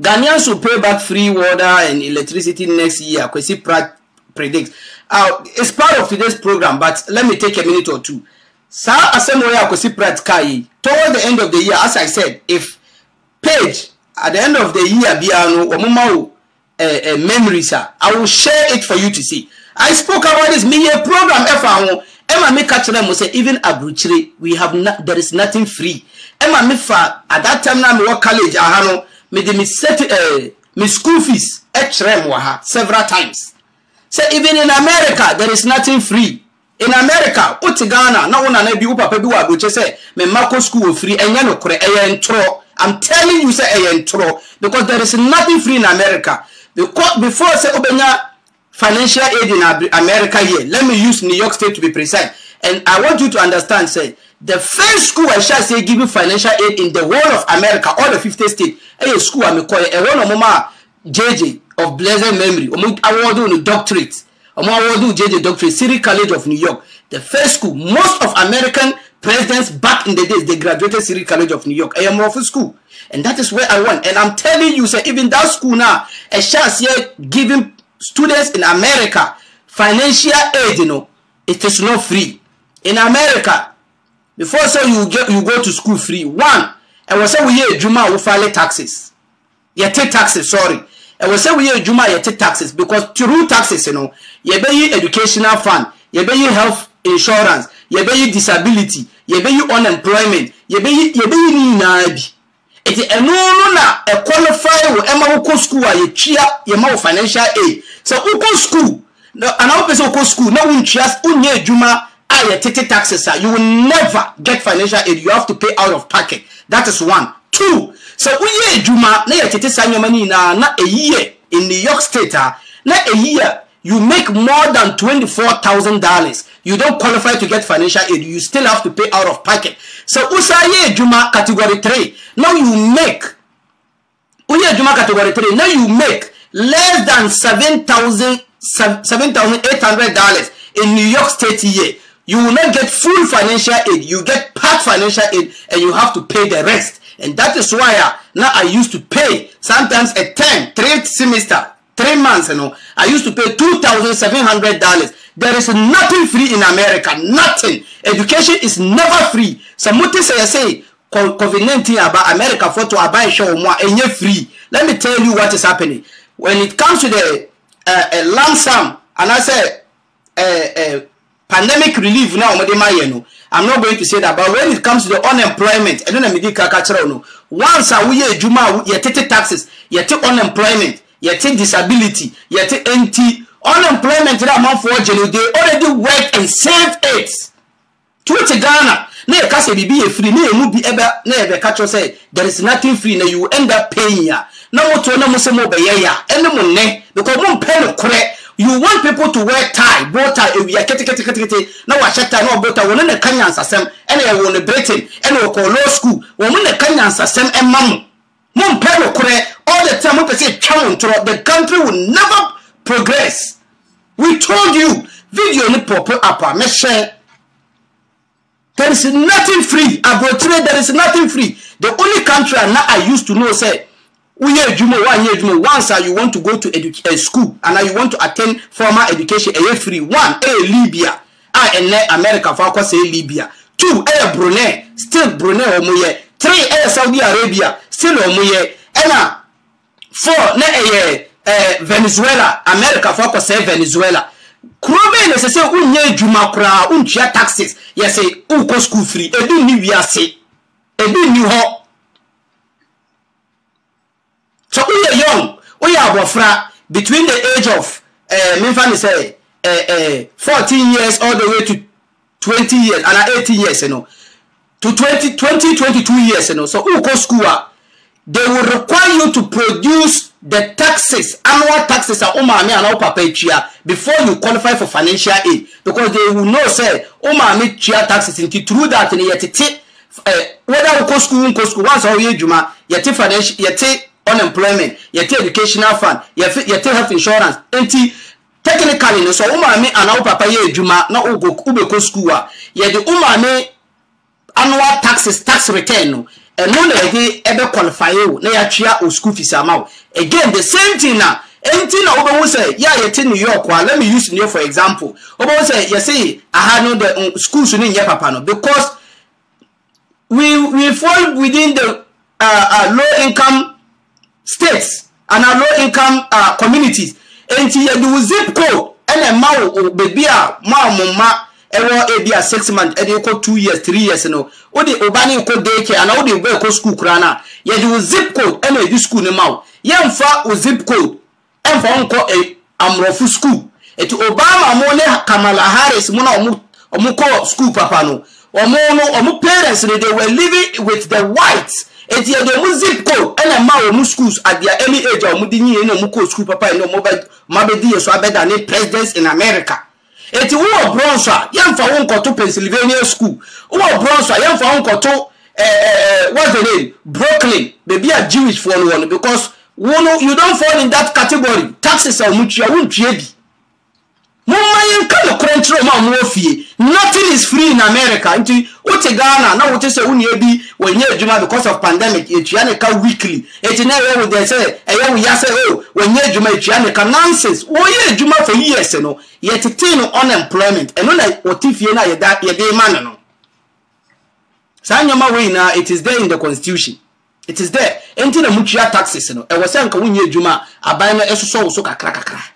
Ghanaians should pay back free water and electricity next year, Kwesi Pratt predicts. Uh, it's part of today's program, but let me take a minute or two. Sir, Asamoah Kwesi Pratt Kai, toward the end of the year, as I said, if Page, at the end of the year, Biano, Omumao, uh, eh, uh, eh, memories, Sir, I will share it for you to see. I spoke about this media program, FAO. Emma me catch them say even Abuchiri, we have not, there is nothing free. Emma me fa at that time now me work college ahano mede me set uh, me school fees ɛkyerɛ eh, m wɔ ha several times sɛ even in america there is nothing free in america wote ghana na wo nana bi wo papa bi wɔ abrɔkyɛ sɛ memma kɔ school wɔ firi ɛnyɛ nokorɛ ɛyɛ ntorɔ i'm telling you sɛ ɛyɛ ntorɔ because there is nothing free in america because before sɛ wobɛnya financial aid in america here let me use new york state to be precise and i want you to understand say the first school I shall say giving financial aid in the world of America, all the fifty states. Hey, school I'm calling a one of mama JJ of blessed memory. Um, award on doctorate. Um, award JJ doctorate, City College of New York. The first school, most of American presidents back in the days, they graduated City College of New York. I am off school. And that is where I went. And I'm telling you, sir, even that school now, a chance here giving students in America financial aid, you know, it is not free. In America, before say you get you go to school free one ɛwɔ sɛ woyɛ adwuma a file taxes yɛte taxes sorry ɛwɔ sɛ woyɛ adwuma a yɛte taxes because through taxes no yɛbɛyi educational fund yɛbɛyi health insurance yɛbɛyi disability yɛbɛyi unemployment yɛbɛyi yɛbɛyi ne nyinaa bi eti ɛno no na ɛqualify wo ɛma wokɔ school a yɛtwia yɛma wo financial aid sɛ wokɔ school na anaa wopɛ sɛ wokɔ school na wontwia wonyɛ adwuma a taxes you will never get financial aid you have to pay out of pocket that is one two sɛ woyɛ adwuma na yɛ tete saa nneɛma no na ɛyi yɛ in new york state a na ɛyi yɛ you make more than twenty-four thousand dollars you don't qualify to get financial aid you still have to pay out of pocket So, wosa yɛ adwuma category three now you make woyɛ adwuma category three now you make less than seven thousand seven thousand eight hundred dollars in new york state year you will not get full financial aid you get part financial aid and you have to pay the rest and that is why uh, now i used to pay sometimes a term three semester three months you know i used to pay two thousand seven hundred dollars there is nothing free in america nothing education is never free samuti sey say covid-19 about america for foto aba iṣẹ more, ẹnyẹ free let me tell you what is happening when it comes to the uh, uh, sum, and i say. Uh, uh, pandemic relief na wɔn de ma yɛ no i'm not going to say that but when it comes to the unemployment ɛno na mi di kaka kyerɛ no once a woyɛ adwuma a yɛtete taxes yɛte unemployment yɛte disability yɛte anti unemployment na amanfoɔ gye no they already work and save it tuwete ghana na yɛ kasa bibi yɛ free na yɛ mu bi ɛbɛ na yɛ bɛ ka sɛ there is nothing free na you end up paying ya na moto na mo sɛ mo bɛyɛ ya ɛne mo nne because mo mpɛ no korɛ you want people to wear tie bow tie ewia keteketekete na wahyɛ tie na ɔbɔ tie wɔn ne ka nyansasɛm ɛna ɛwɔ ne britain ɛna ɔkɔ law school wɔn ne ka nyansasɛm ɛma e mo mo mpɛ no korɛ all the time mo pɛ sɛ etwa wɔn torɔ the country will never progress we told you video ni pɔpɔ apa mɛhyɛ there is nothing free aburotire there is nothing free the only country i na i used to know say woyɛ adwuma wo anyɛ adwuma once a you want to go to a eh, school and you want to attend formal education ɛyɛ eh, free one ɛyɛ eh, libya a ah, ɛnɛ america fa akɔsɛɛ libya two ɛyɛ brunei still brunei wɔn oh, yɛ three ɛyɛ saudi arabia still wɔn yɛ ɛna four na ɛyɛ ɛɛ venezuela america fa akɔsɛɛ venezuela kuro bɛyɛ na ɛsɛ sɛ wonyɛ adwuma koraa wontua taxes yɛsɛ wokɔ school free edu ni wiase edu ni hɔ. woyɛ abɔfra between the age of ɛɛ mmefa ne sɛ ɛɛ fourteen years all the way to twenty years ana eighteen years no to twenty twenty twenty two years no so wokɔ school a ah? they will require you to produce the taxes annual taxes a umaami ana o papa etua before you qualify for financial aid because they will know say umaami tua taxes nti through that ni yɛ tete ɛɛ whether wokɔ school nkɔ school once a wɔyɛ adwuma yɛ te financial yɛ te unemployment yɛte educational fund yɛte health insurance nti technically no so wo maame anaa wo papa yɛ adwuma na wobɛkɔ school a yɛde wo maame annual taxes tax return no ɛno na yɛde ɛbɛ qualify wo na yɛatwea o school fees ama wo again the same thing na nti na wobɛhu sɛ yɛ a yɛte new york a let me use new York for example wobɛhu sɛ yɛse aha no the um, schools no nyɛ papa no because we we fall within the uh, uh, low income states and low income uh, communities nti yɛde wo zip code ɛna ma wo beebi a mo a mo ma ɛwɔ ebi a six months ɛde kɔ two years three years no wode ɔba ne kɔ day care anaa wode ɔba kɔ school koraa na yɛde wo zip code ɛna edi school ne ma wo yɛmfa wo zip code ɛmfa nkɔ ɛ amorɔfo school eti obama mo ne kamala harris mo na ɔmo ɔmo kɔ school papa no ɔmo no ɔmo parents no they were living with the whites. nti yɛde ɔmo zip code ɛna ma ɔmo schools at their early age a ɔmo de nyiye na ɔmo kɔ school papa yi na ɔmo bɛ ɔmo abɛdi yɛ so abɛdane presidents in america nti wowɔ bronze a yɛmfa wo nkɔto pennsylvania school wowɔ bronze a yɛmfa wo nkɔto ɛɛ ɛɛ what's the name brooklyn beebi a jewish foɔ no because wo you don fall in that category taxes a ɔmo tua wo ntua bi momma yɛnka nokorɛ nkyerɛ ɔma ɔmowɔ fie nothing is free in america nti wote ghana na wote sɛ wo nea bi wɔnyɛ adwuma because of pandemic ɛtua ne ka weekly ɛti na ɛyɛ wo dɛ sɛ ɛyɛ wo ya sɛ o oh, wɔnyɛ adwuma ɛtua ne ka nonsense wɔyɛ adwuma for years no yɛtete no unemployment ɛno na wɔte fie no a yɛde ma no no saa nneɛma wei na it is there in the constitution it is there ɛnti na mutua taxes no ɛwɔ sɛ nka wonyɛ adwuma a aban no ɛsosɔ wo so kakra kakra